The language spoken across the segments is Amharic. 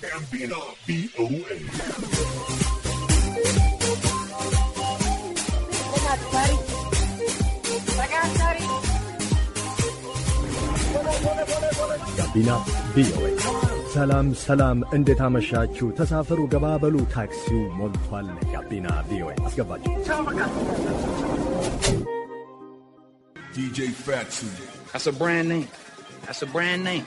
ጋቢና ቪኦኤ ጋቢና ቪኦኤ። ሰላም ሰላም፣ እንዴት አመሻችሁ? ተሳፈሩ፣ ገባበሉ፣ ታክሲው ሞልቷል። ጋቢና ቪኦኤ አስገባችሁ። That's a brand name. That's a brand name.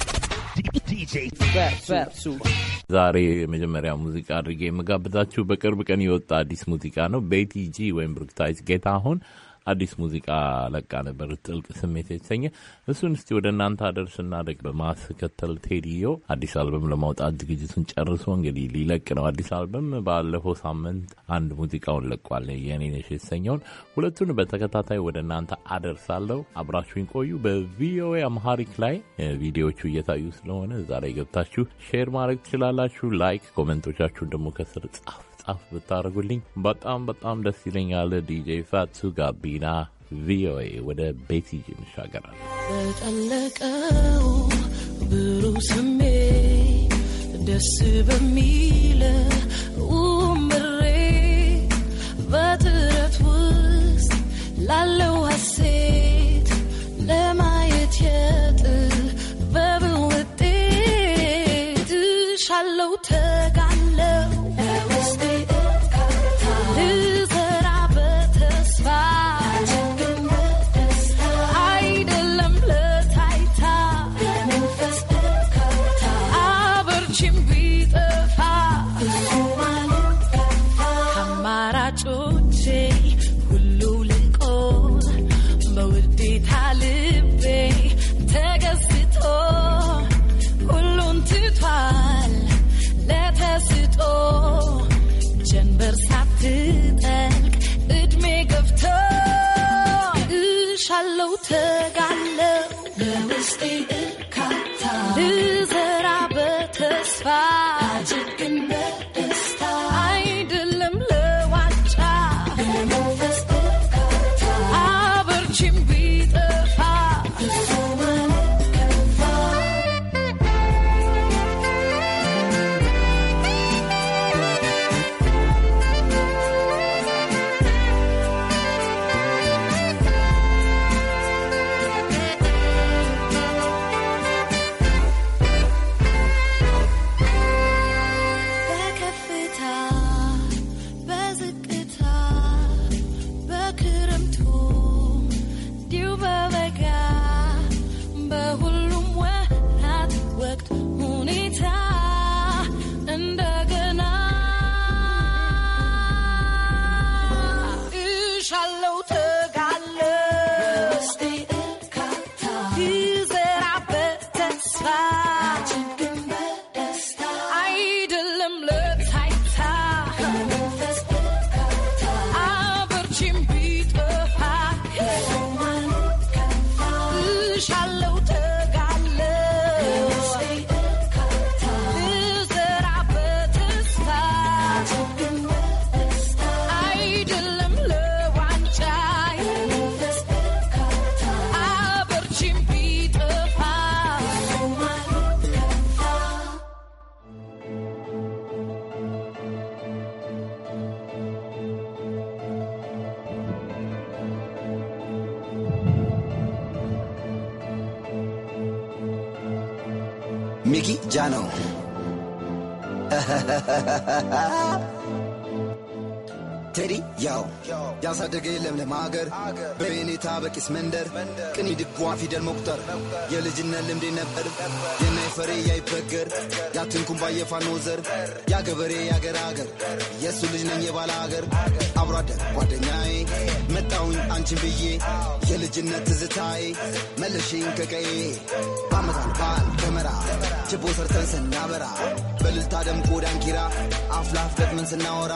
ዛሬ የመጀመሪያ ሙዚቃ አድርጌ የምጋብዛችሁ በቅርብ ቀን የወጣ አዲስ ሙዚቃ ነው። ቤቲ ጂ ወይም ብሩክታይት ጌታሁን አዲስ ሙዚቃ ለቃ ነበር፣ ጥልቅ ስሜት የተሰኘ እሱን እስቲ ወደ እናንተ አደርስ እናደግ። በማስከተል ቴዲዮ አዲስ አልበም ለማውጣት ዝግጅቱን ጨርሶ እንግዲህ ሊለቅ ነው። አዲስ አልበም ባለፈው ሳምንት አንድ ሙዚቃውን ለቋል፣ የኔ ነሽ የተሰኘውን። ሁለቱን በተከታታይ ወደ እናንተ አደርሳለሁ። አብራችሁኝ ቆዩ። በቪኦኤ አምሃሪክ ላይ ቪዲዮዎቹ እየታዩ ስለሆነ እዛ ላይ ገብታችሁ ሼር ማድረግ ትችላላችሁ። ላይክ ኮመንቶቻችሁን ደግሞ ከስር ጻፉ። ጣፍ ብታደርጉልኝ በጣም በጣም ደስ ይለኛል። ዲጄ ፋቱ ጋቢና ቪኦኤ ወደ ቤት ይዤ ይሻገራል። በጠለቀው ብሩ ስሜ ደስ በሚለ አሻለው ተጋለው ለውስጤ እካታ ልዘራ በተስፋ ነው። ቴዲ ያው ያሳደገ ለምለም ሀገር በቤኔታ በቂስ መንደር ቅን ድጓ ፊደል መቁጠር የልጅነት ልምዴ ነበር። የና የፈሬ ያይበገር ያትንኩምባ የፋኖ ዘር ያገበሬ ያገር ሀገር የእሱ ልጅ ነኝ የባለ ሀገር አብሮ አደግ ጓደኛዬ መጣውኝ አንቺን ብዬ የልጅነት ትዝታዬ መለሽኝ ከቀዬ አመታል በዓል ከመራ ችቦ ሰርተን ስናበራ በልልታ ደምቆ ዳንኪራ አፍላፍ ገጥመን ስናወራ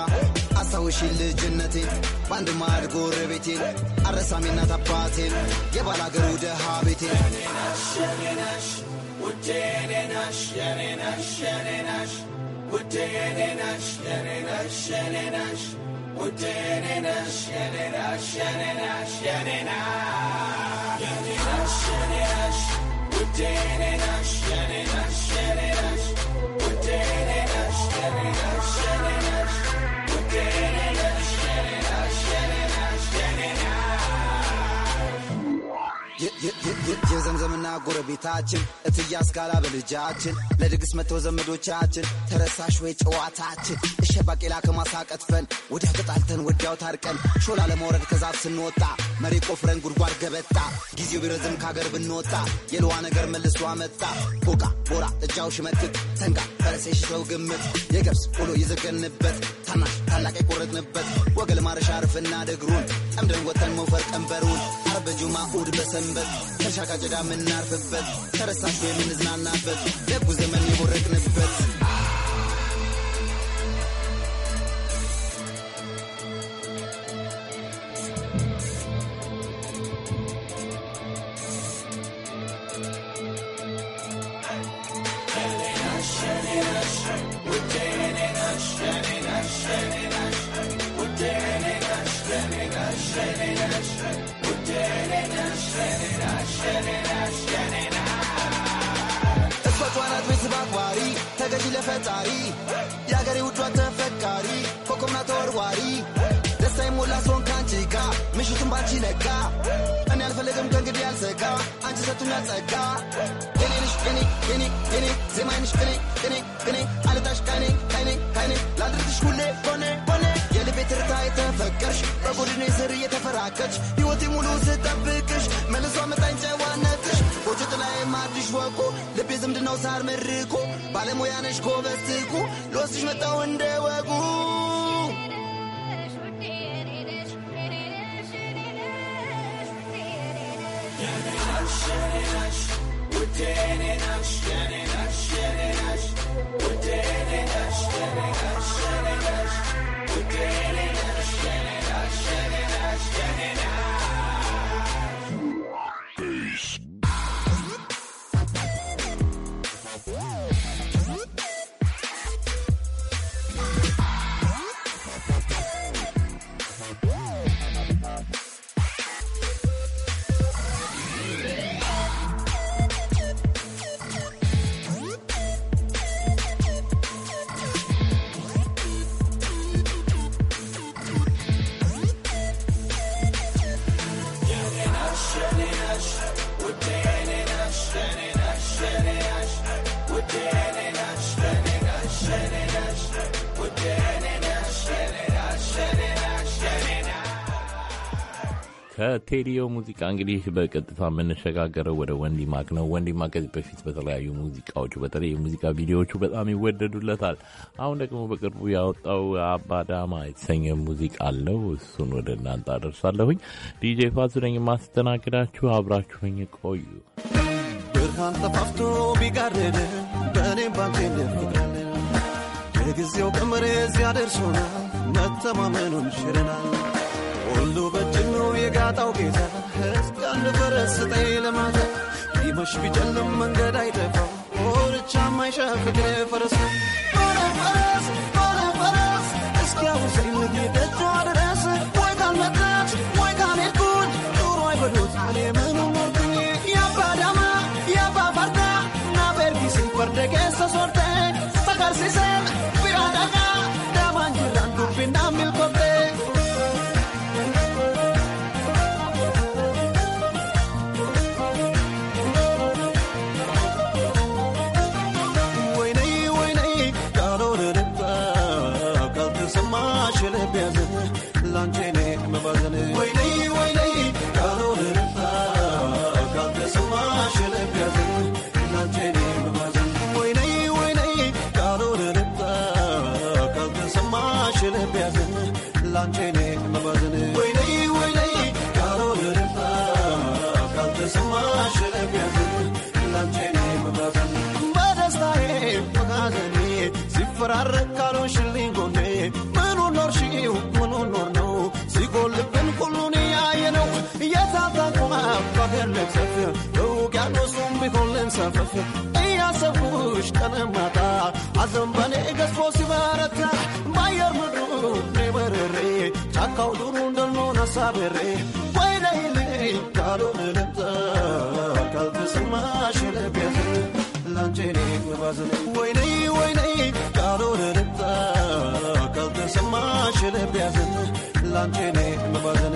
አስታውሽኝ ልጅነቴን በአንድ ማዕድ ጎረቤቴን አረሳሜ እናት አባቴን የባል ደሃ ቤቴን ውዴ ነሽ የኔ ነሽ የኔ ነሽ ውዴ ነሽ የኔ ነሽ የኔ ነሽ We're dead in us, shedding us, shedding us, shedding የዘምዘምና ጎረቤታችን እትዬ አስካላ በልጃችን ለድግስ መተው ዘመዶቻችን ተረሳሽ ወይ ጨዋታችን እሸ ባቄላ ከማሳ ቀጥፈን ወዲያ ተጣልተን ወዲያው ታርቀን ሾላ ለመውረድ ከዛፍ ስንወጣ መሬ ቆፍረን ጉድጓድ ገበጣ ጊዜው ቢረዝም ካገር ብንወጣ የልዋ ነገር መልሶ አመጣ ቦቃ ቦራ እጃው ሽመክት ተንጋ ፈረሴ ሽሰው ግምት የገብስ ቆሎ የዘገንበት ታናሽ ታላቅ የቆረጥንበት ወገል ማረሻ ርፍና ደግሩን ጠምደን ወተን መውፈር ቀንበሩን በጁማ ኡድ በሰንበት ከሻ ቃጭዳ የምናርፍበት ከረሳሹ የምንዝናናበት ደጉ ዘመን የቦረቅንበት ፈጣሪ የአገሬ ውዷ ተፈቃሪ ኮከብና ተወርዋሪ ደስታ የሞላ ሰውን ከአንቺ ጋ ምሽቱን ባንቺ ነጋ እኔ አልፈለግም ከእንግዲህ ያልሰጋ አንቺ ሰጡኛል ጸጋ የኔ ነሽ የኔ የኔ የኔ ቅኔ ቅኔ ቅኔ አልታሽ ካይኔ ካይኔ ካይኔ ላድርግሽ ሁሌ ቦኔ ቦኔ የልቤ ትርታ የተፈቀርሽ በጎድኔ ስር እየተፈራከች ሕይወቴ ሙሉ ስጠብቅሽ መልሶ አመጣኝ ጨዋ ስራዎቹት ላይ ማድሽ ወቁ ልቤ ዝምድናው ሳር መርቁ ባለሙያ ነሽ ኮበስትቁ ልወስድሽ መጣሁ እንደ ከቴዲዮ ሙዚቃ እንግዲህ በቀጥታ የምንሸጋገረው ወደ ወንዲ ማክ ነው። ወንዲ ማክ ከዚህ በፊት በተለያዩ ሙዚቃዎቹ በተለይ የሙዚቃ ቪዲዮዎቹ በጣም ይወደዱለታል። አሁን ደግሞ በቅርቡ ያወጣው አባዳማ የተሰኘ ሙዚቃ አለው። እሱን ወደ እናንተ አደርሳለሁኝ። ዲጄ ፋዙ ነኝ የማስተናግዳችሁ። አብራችሁኝ ቆዩ። ብርሃን ተፋፍቶ ቢጋረደ በእኔም ባንቴ እንደፍቅራለን የጊዜው ቀመሬ ሲያደርሶናል መተማመኑን ሽረናል ሁሉ በ የጋጣው ጌታ ሕዝቅ አንድ ፈረስ ስጠኝ ለማታ ሊመሽ ቢጨልም መንገድ አይጠፋም ወርቻ ማይሸፍቅ ፈረስ ፈረስ ፈረስ እስኪያውስ ጌታ መቅዘፊያ በውቅያኖሱም ቢሆን ልንሳፈፊያ እያሰብኩሽ ቀንማታ አዘንበኔ ገዝፎ ሲበረታ በአየር ምድሩ ኔበረሬ ጫካው ዱሩ እንደልኖን አሳበሬ ወይለይል ካልሆነ ልምጣ ካልተሰማሽ ልቤት ላንቼኔ ባዝኔ ወይነይ ወይነይ ካልሆነ ልምጣ ካልተሰማሽ ልቤት ላንቼኔ ባዝኔ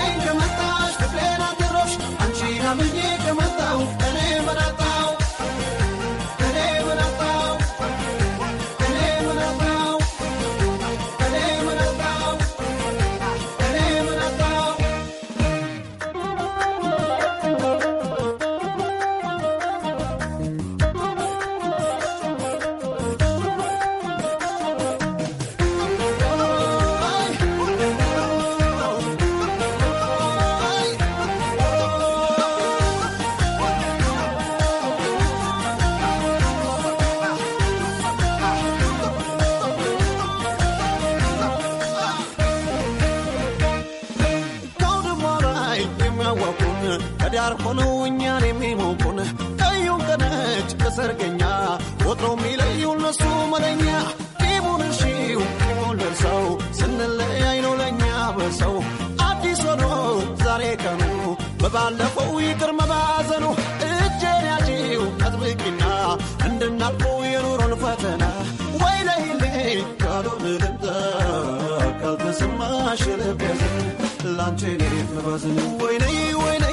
Sangam ከዳር ሆነው እኛን የሚሞቁን ቀዩን ከነጭ ከሰርገኛ ወትሮ የሚለዩ እነሱ መለኛ ቂሙን እሺው ቂሙን ደርሰው ስንለያይ ነው ለእኛ በሰው አዲስ ሆኖ ዛሬ ቀኑ በባለፈው ይቅር መባዘኑ እጄን ያዢው አጥብቂና እንድናልፈው የኑሮን ፈተና ወይ ለይልኝ ካልሆነ ልምጣ ካልተሰማሽ ልቤ ላንቺ እኔ መባዘኑ ወይኔ ወይኔ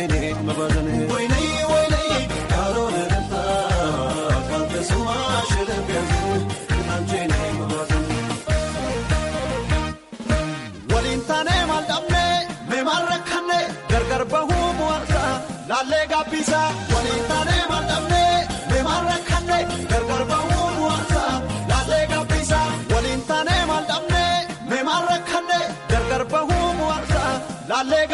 Waynee babaasanee. Waynee waynee kan Waliin taanee gargar bahuu laallee Waliin gargar bahuu laallee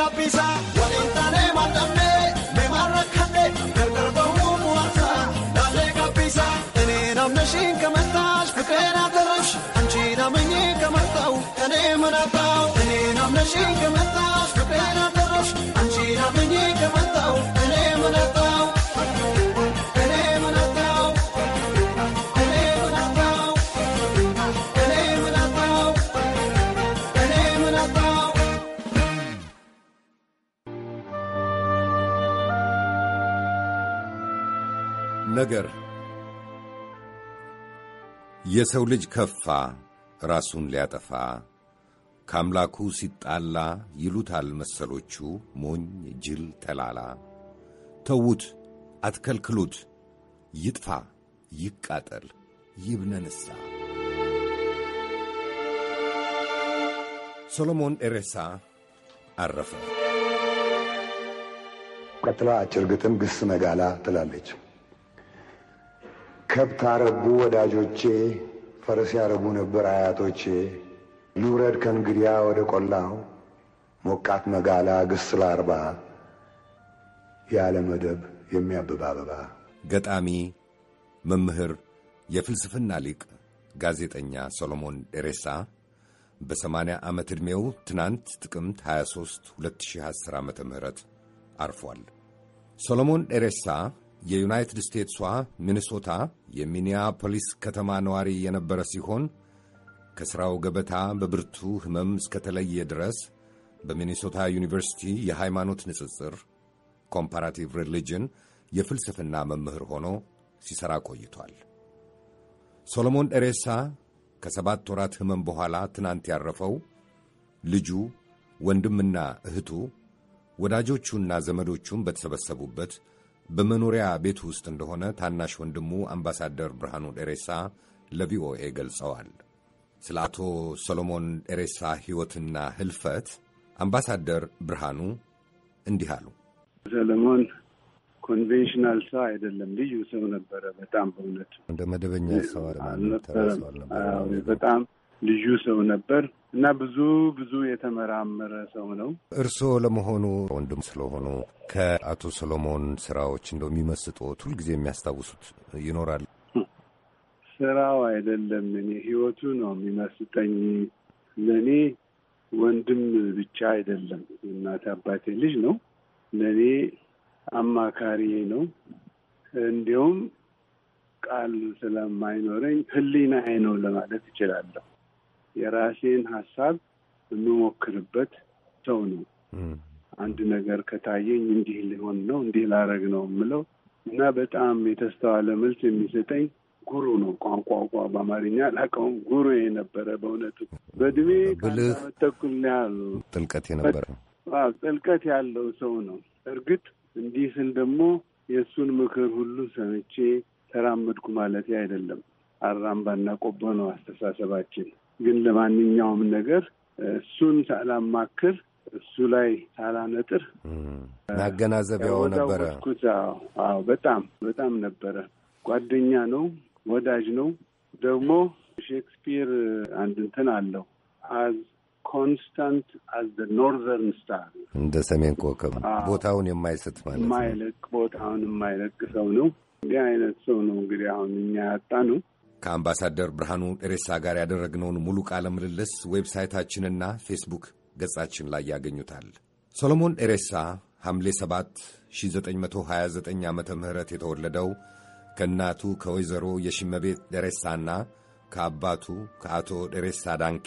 አምኜ ከመጣው እኔ እኔን ከመጣሽ አደረሽ አንቺን አምኜ ከመጣው እኔ ነገር የሰው ልጅ ከፋ ራሱን ሊያጠፋ ከአምላኩ ሲጣላ ይሉታል መሰሎቹ ሞኝ፣ ጅል፣ ተላላ። ተዉት፣ አትከልክሉት፣ ይጥፋ፣ ይቃጠል፣ ይብነንሳ። ሶሎሞን ኤሬሳ አረፈ። ቀጥላ አጭር ግጥም ግስ መጋላ ትላለች። ከብት አረቡ ወዳጆቼ ፈረስ ያረቡ ነበር አያቶቼ። ልውረድ ከእንግዲያ ወደ ቆላው ሞቃት መጋላ ግስላ አርባ ያለ መደብ የሚያብብ አበባ። ገጣሚ መምህር፣ የፍልስፍና ሊቅ፣ ጋዜጠኛ ሶሎሞን ደሬሳ በ80 ዓመት ዕድሜው ትናንት ጥቅምት 23 2010 ዓ ም አርፏል። ሶሎሞን ደሬሳ የዩናይትድ ስቴትሷ ሚኒሶታ የሚኒያፖሊስ ከተማ ነዋሪ የነበረ ሲሆን ከሥራው ገበታ በብርቱ ሕመም እስከተለየ ድረስ በሚኒሶታ ዩኒቨርሲቲ የሃይማኖት ንጽጽር ኮምፓራቲቭ ሪሊጅን የፍልስፍና መምህር ሆኖ ሲሠራ ቆይቷል። ሶሎሞን ኤሬሳ ከሰባት ወራት ሕመም በኋላ ትናንት ያረፈው ልጁ ወንድምና እህቱ ወዳጆቹና ዘመዶቹም በተሰበሰቡበት በመኖሪያ ቤት ውስጥ እንደሆነ ታናሽ ወንድሙ አምባሳደር ብርሃኑ ደሬሳ ለቪኦኤ ገልጸዋል። ስለ አቶ ሰሎሞን ደሬሳ ሕይወትና ህልፈት አምባሳደር ብርሃኑ እንዲህ አሉ። ሰሎሞን ኮንቬንሽናል ሰው አይደለም። ልዩ ሰው ነበረ። በጣም በእውነት እንደ መደበኛ ሰው በጣም ልዩ ሰው ነበር እና ብዙ ብዙ የተመራመረ ሰው ነው። እርስዎ ለመሆኑ ወንድም ስለሆኑ ከአቶ ሰሎሞን ስራዎች እንደው የሚመስጡት ሁልጊዜ የሚያስታውሱት ይኖራል? ስራው አይደለም እኔ ህይወቱ ነው የሚመስጠኝ። ለእኔ ወንድም ብቻ አይደለም፣ እናት አባቴ ልጅ ነው። ለእኔ አማካሪ ነው። እንዲሁም ቃል ስለማይኖረኝ ህሊናዬ ነው ለማለት እችላለሁ። የራሴን ሀሳብ የምሞክርበት ሰው ነው። አንድ ነገር ከታየኝ እንዲህ ሊሆን ነው እንዲህ ላረግ ነው የምለው እና በጣም የተስተዋለ መልስ የሚሰጠኝ ጉሩ ነው። ቋንቋ ቋ በአማርኛ አላውቀውም። ጉሩ የነበረ በእውነቱ በእድሜ ተኩል ያሉ ጥልቀት የነበረ ጥልቀት ያለው ሰው ነው። እርግጥ እንዲህ ስል ደግሞ የእሱን ምክር ሁሉ ሰምቼ ተራመድኩ ማለት አይደለም። በአምባና ቆቦ ነው አስተሳሰባችን። ግን ለማንኛውም ነገር እሱን ሳላማክር እሱ ላይ ሳላነጥር ማገናዘቢያው ነበረ። አዎ በጣም በጣም ነበረ። ጓደኛ ነው፣ ወዳጅ ነው። ደግሞ ሼክስፒር አንድ እንትን አለው አዝ ኮንስታንት አዝ ዘ ኖርዘርን ስታር እንደ ሰሜን ኮከብ ቦታውን የማይስት ማለት ነው። የማይለቅ ቦታውን የማይለቅ ሰው ነው። እንዲህ አይነት ሰው ነው እንግዲህ አሁን እኛ ያጣ ነው። ከአምባሳደር ብርሃኑ ሬሳ ጋር ያደረግነውን ሙሉ ቃለ ምልልስ ዌብሳይታችንና ፌስቡክ ገጻችን ላይ ያገኙታል። ሰሎሞን ኤሬሳ ሐምሌ 7 1929 ዓ ም የተወለደው ከእናቱ ከወይዘሮ የሽመቤት ደሬሳና ከአባቱ ከአቶ ደሬሳ ዳንኪ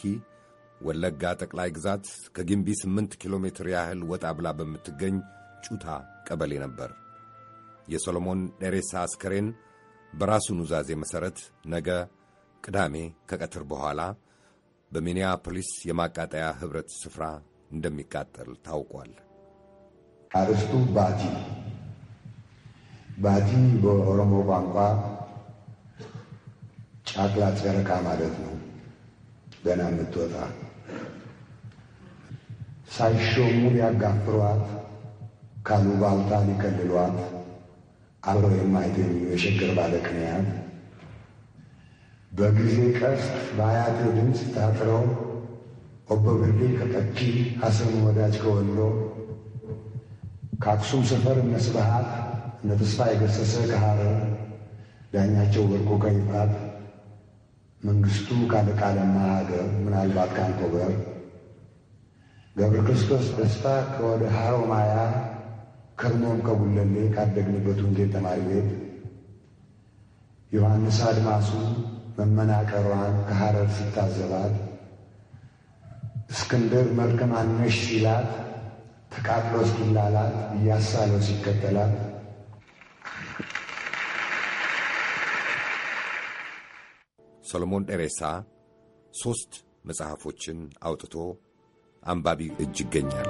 ወለጋ ጠቅላይ ግዛት ከግንቢ 8 ኪሎ ሜትር ያህል ወጣ ብላ በምትገኝ ጩታ ቀበሌ ነበር። የሰሎሞን ደሬሳ አስከሬን በራሱ ኑዛዜ መሠረት ነገ ቅዳሜ ከቀትር በኋላ በሚኒያፖሊስ የማቃጠያ ኅብረት ስፍራ እንደሚቃጠል ታውቋል። አርስቱ ባቲ ባቲ በኦሮሞ ቋንቋ ጫቅላ ጨረቃ ማለት ነው። ገና የምትወጣ ሳይሾሙ ያጋፍሯት፣ ባልታ ሊከልሏት አብረው የማይገኙ የሸገር ባለቅኔያን በጊዜ ቀስት በአያት ድምፅ ታጥረው ኦበብሌ ከጠኪ ሐሰን ወዳጅ ከወሎ ከአክሱም ሰፈር እነ ስብሃት እነ ተስፋ የገሰሰ ከሐረር ዳኛቸው ወርቁ ከይፋት መንግስቱ ካለቃለማ ሀገር ምናልባት ካንኮበር ገብረ ክርስቶስ ደስታ ከወደ ሐሮማያ ከብነውም ከጉለሌ ካደግንበት ወንጌል ተማሪ ቤት ዮሐንስ አድማሱ መመናቀሯን ከሐረር ሲታዘባት እስክንድር መልከ ማነሽ ሲላት ተቃጥሎ እስኪላላት እያሳለው ሲከተላት ሰሎሞን ደሬሳ ሦስት መጽሐፎችን አውጥቶ አንባቢ እጅ ይገኛል።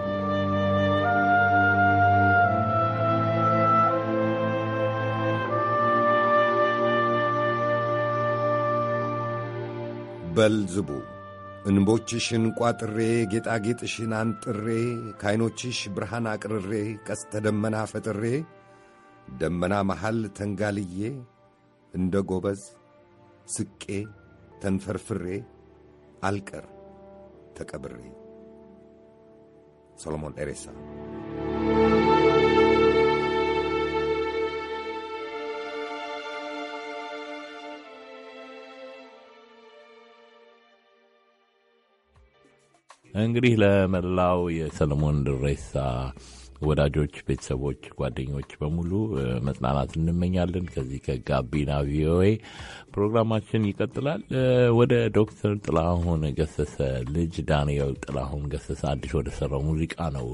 በል ዝቡ እንቦችሽን ቋጥሬ ጌጣጌጥሽን አንጥሬ ከዐይኖችሽ ብርሃን አቅርሬ ቀስተ ደመና ፈጥሬ ደመና መሃል ተንጋልዬ እንደ ጎበዝ ስቄ ተንፈርፍሬ አልቀር ተቀብሬ ሰሎሞን ኤሬሳ እንግዲህ ለመላው የሰለሞን ድሬሳ ወዳጆች፣ ቤተሰቦች፣ ጓደኞች በሙሉ መጽናናት እንመኛለን። ከዚህ ከጋቢና ቪኦኤ ፕሮግራማችን ይቀጥላል። ወደ ዶክተር ጥላሁን ገሰሰ ልጅ ዳንኤል ጥላሁን ገሰሰ አዲስ ወደ ሰራው ሙዚቃ ነው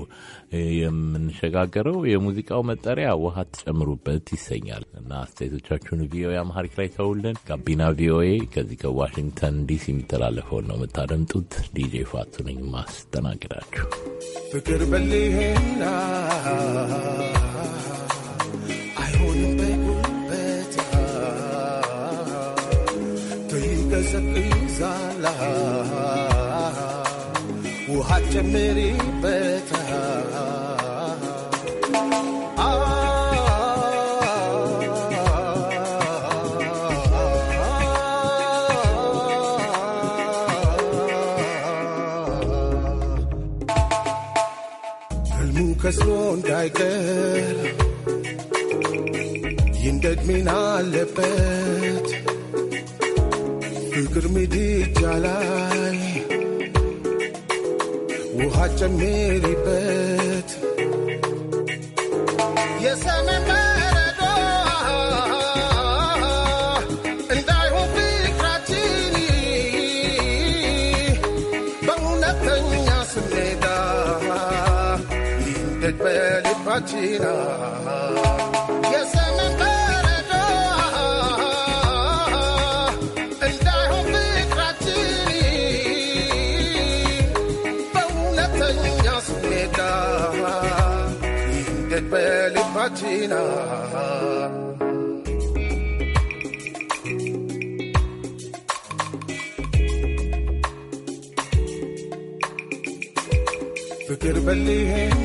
የምንሸጋገረው። የሙዚቃው መጠሪያ ውሃ ትጨምሩበት ይሰኛል እና አስተያየቶቻችሁን ቪኦኤ አማሪክ ላይ ተውልን። ጋቢና ቪኦኤ ከዚህ ከዋሽንግተን ዲሲ የሚተላለፈውን ነው የምታደምጡት። ዲጄ ፋቱ ነኝ ማስተናግዳችሁ ፍቅር በሌላ I wouldn't be better. Triggers at Izala. Who had to marry better. መስሎ እንዳይቀር ይንደድ ሚና አለበት ፍቅር ምድጃ ላይ ውሃ ጨምሪበት للبلد فاتينا يا سلام بلدها اندعهم ذكرتي دولة يا سويدا للبلد فاتينا فكر بليهم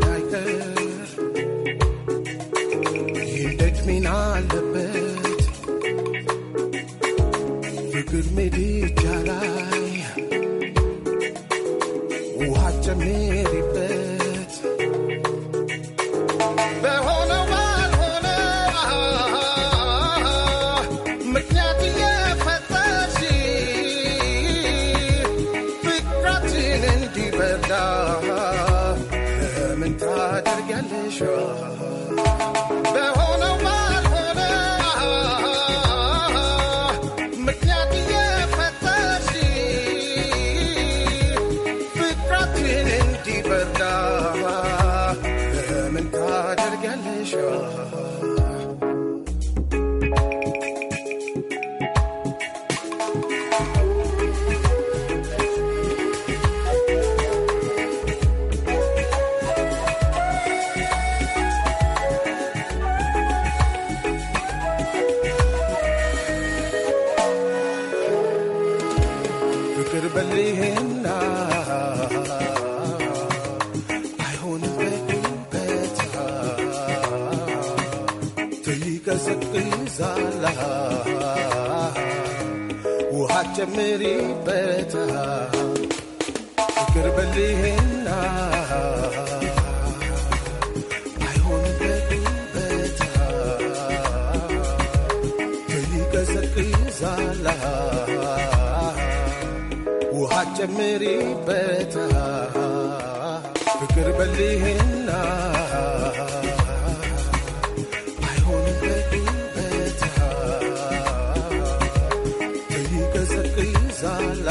ይበዛላ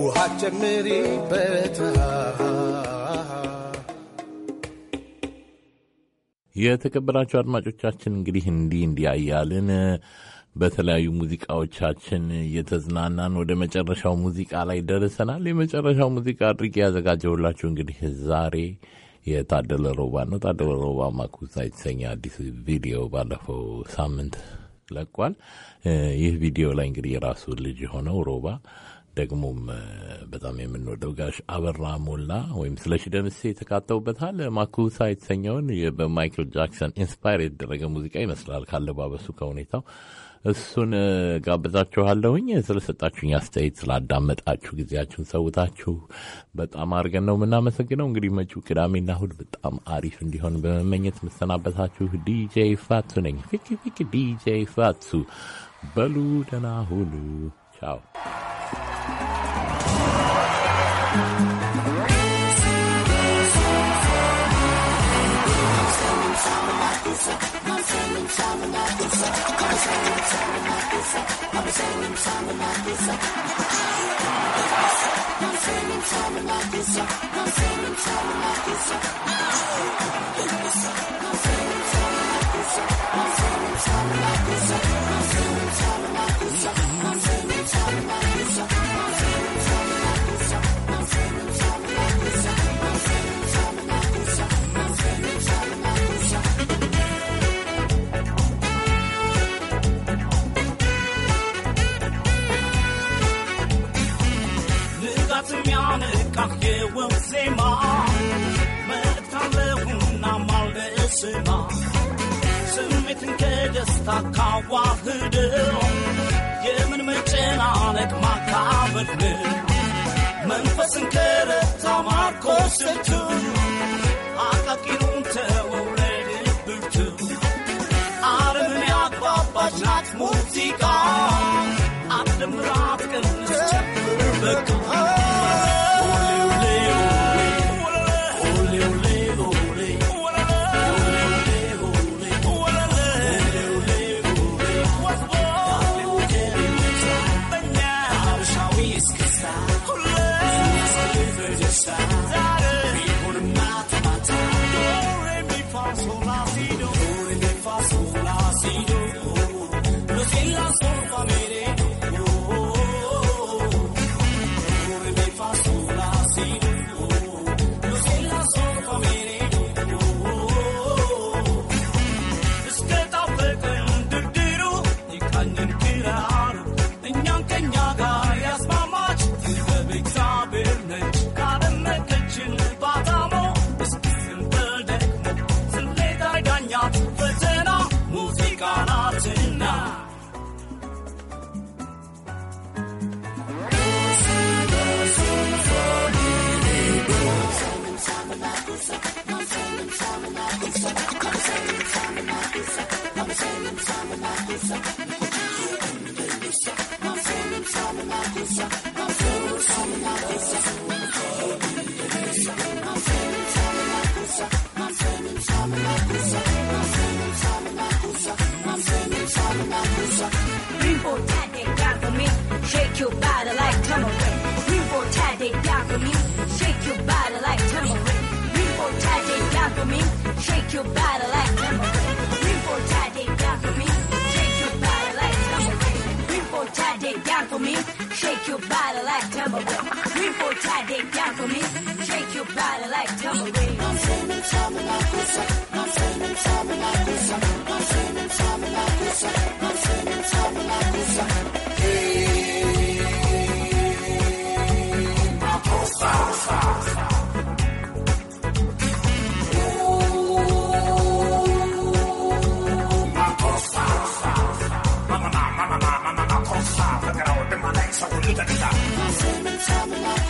ውሃ ጨምሪበት። የተከበራችሁ አድማጮቻችን እንግዲህ እንዲህ እንዲህ አያልን በተለያዩ ሙዚቃዎቻችን እየተዝናናን ወደ መጨረሻው ሙዚቃ ላይ ደርሰናል። የመጨረሻው ሙዚቃ አድርጌ ያዘጋጀሁላችሁ እንግዲህ ዛሬ የታደለ ሮባ ነው። ታደለ ሮባ ማኩሳ የተሰኘ አዲስ ቪዲዮ ባለፈው ሳምንት ለቋል። ይህ ቪዲዮ ላይ እንግዲህ የራሱ ልጅ የሆነው ሮባ ደግሞም በጣም የምንወደው ጋሽ አበራ ሞላ ወይም ስለሺ ደምሴ የተካተውበታል። ማኩሳ የተሰኘውን በማይክል ጃክሰን ኢንስፓየር የተደረገ ሙዚቃ ይመስላል ካለባበሱ ከሁኔታው እሱን ጋብዛችኋለሁኝ። ስለሰጣችሁኝ አስተያየት፣ ስላዳመጣችሁ፣ ጊዜያችሁን ሰውታችሁ በጣም አድርገን ነው የምናመሰግነው። እንግዲህ መጪው ቅዳሜና እሑድ በጣም አሪፍ እንዲሆን በመመኘት የምሰናበታችሁ ዲጄ ፋቱ ነኝ። ፊክ ፊክ ዲጄ ፋቱ በሉ ደህና ሁኑ። ቻው። I'm I'm I'm I'm I'm Yeah. ቃየው ዜማ መታለሁና ማልደስማ ስሜትን ከደስታ ካዋህደው የምን መጨናነቅ ማካበድ መንፈስን ከረታ ማርኮስ ስልቱ አቃቂኑን ተወው ለድብርቱ ዓለምን ናት ሙዚቃ Shake your body like Three, four, tide, they down for me. Shake your body like Three, four, tide, they down for me. Shake your body like Three, four, tide, they down for me. Shake your body like tamarind. Rainbow tide, they down for me. Shake your body like tamarind. Rainbow tide, they down for me.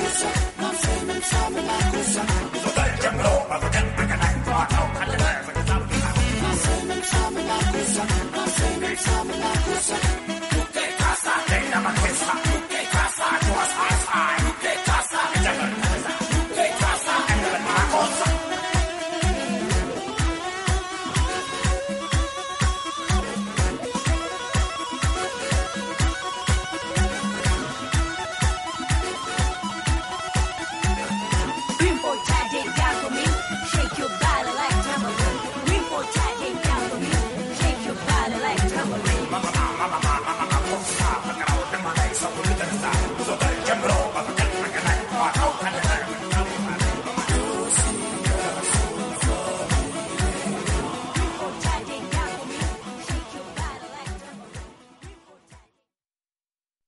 you.